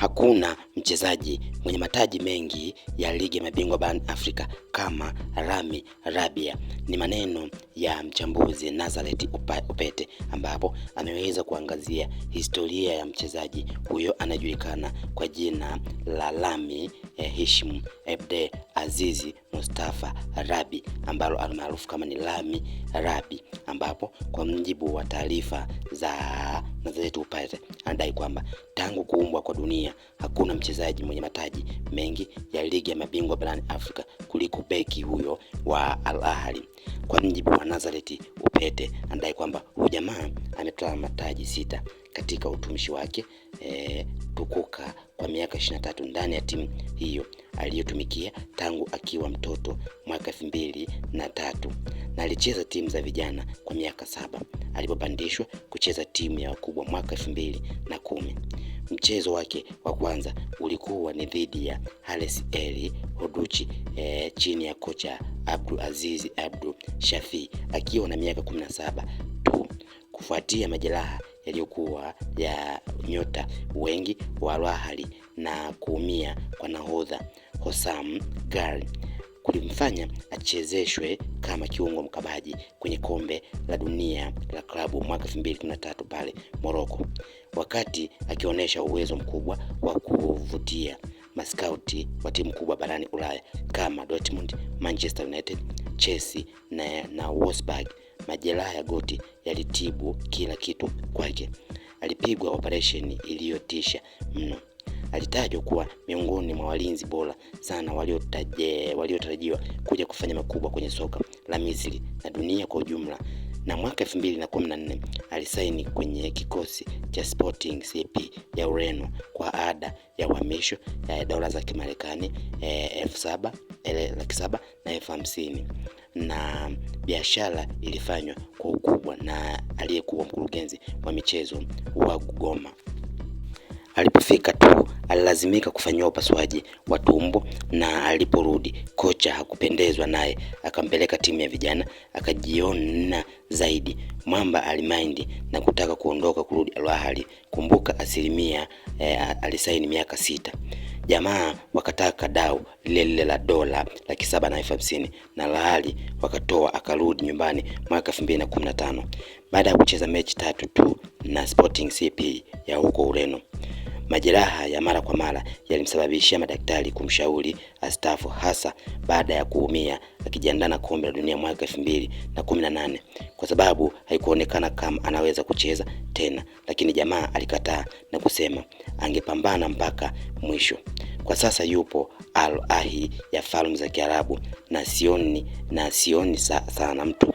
hakuna mchezaji mwenye mataji mengi ya ligi ya mabingwa barani Afrika kama Rami Rabia. Ni maneno ya mchambuzi Nazareth Upete, ambapo ameweza kuangazia historia ya mchezaji huyo anajulikana kwa jina la Rami eh, Hishim Abdel Azizi Mustafa Rabi ambalo almaarufu kama ni Rami Rabi, ambapo kwa mjibu wa taarifa za Nazareth Upete anadai kwamba tangu kuumbwa kwa dunia hakuna mchezaji mwenye mataji mengi ya ligi ya mabingwa barani Afrika kuliko beki huyo wa Al Ahly kwa mjibu wa Nazareti Upete, anadai kwamba huyu jamaa ametwaa mataji sita katika utumishi wake e, tukuka kwa miaka 23 ndani ya timu hiyo aliyotumikia tangu akiwa mtoto mwaka elfu mbili na tatu na alicheza timu za vijana kwa miaka saba alipopandishwa kucheza timu ya wakubwa mwaka elfu mbili na kumi. Mchezo wake wa kwanza ulikuwa ni dhidi ya hales eli Oduchi e, eh, chini ya kocha Abdul Aziz Abdul Shafi akiwa na miaka 17 tu kufuatia majeraha yaliyokuwa ya nyota wengi wa Al Ahly na kuumia kwa nahodha hosam Ghali kulimfanya achezeshwe kama kiungo mkabaji kwenye kombe la dunia la klabu mwaka 2013 pale Morocco, wakati akionyesha uwezo mkubwa wa kuvutia maskauti wa timu kubwa barani Ulaya kama Dortmund, Manchester United, Chelsea na, na Wolfsburg. Majeraha ya goti yalitibu kila kitu kwake. Alipigwa operesheni iliyotisha mno alitajwa kuwa miongoni mwa walinzi bora sana waliotarajiwa kuja kufanya makubwa kwenye soka la Misri na dunia kwa ujumla na mwaka nne alisaini kwenye kikosi cha Sporting CP ya Ureno kwa ada ya uhamisho ya dola za Kimarekani e, elfu saba e, laki saba na elfu hamsini na biashara ilifanywa kwa ukubwa na aliyekuwa mkurugenzi wa michezo wa Goma. Alipofika tu alilazimika kufanyiwa upasuaji wa tumbo, na aliporudi kocha hakupendezwa naye, akampeleka timu ya vijana. Akajiona zaidi mwamba, alimaindi na kutaka kuondoka kurudi Al Ahly. Kumbuka asilimia eh, alisaini miaka sita. Jamaa wakataka dau lile lile la dola laki saba na elfu hamsini na Al Ahly wakatoa, akarudi nyumbani mwaka tano baada ya kucheza mechi tatu tu na Sporting CP ya huko Ureno. Majeraha ya mara kwa mara yalimsababishia madaktari kumshauri astafu hasa baada ya kuumia akijiandaa na kombe la dunia mwaka elfu mbili na kumi na nane kwa sababu haikuonekana kama anaweza kucheza tena, lakini jamaa alikataa na kusema angepambana mpaka mwisho. Kwa sasa yupo Al Ahly ya Falme za Kiarabu na sioni na sioni sana mtu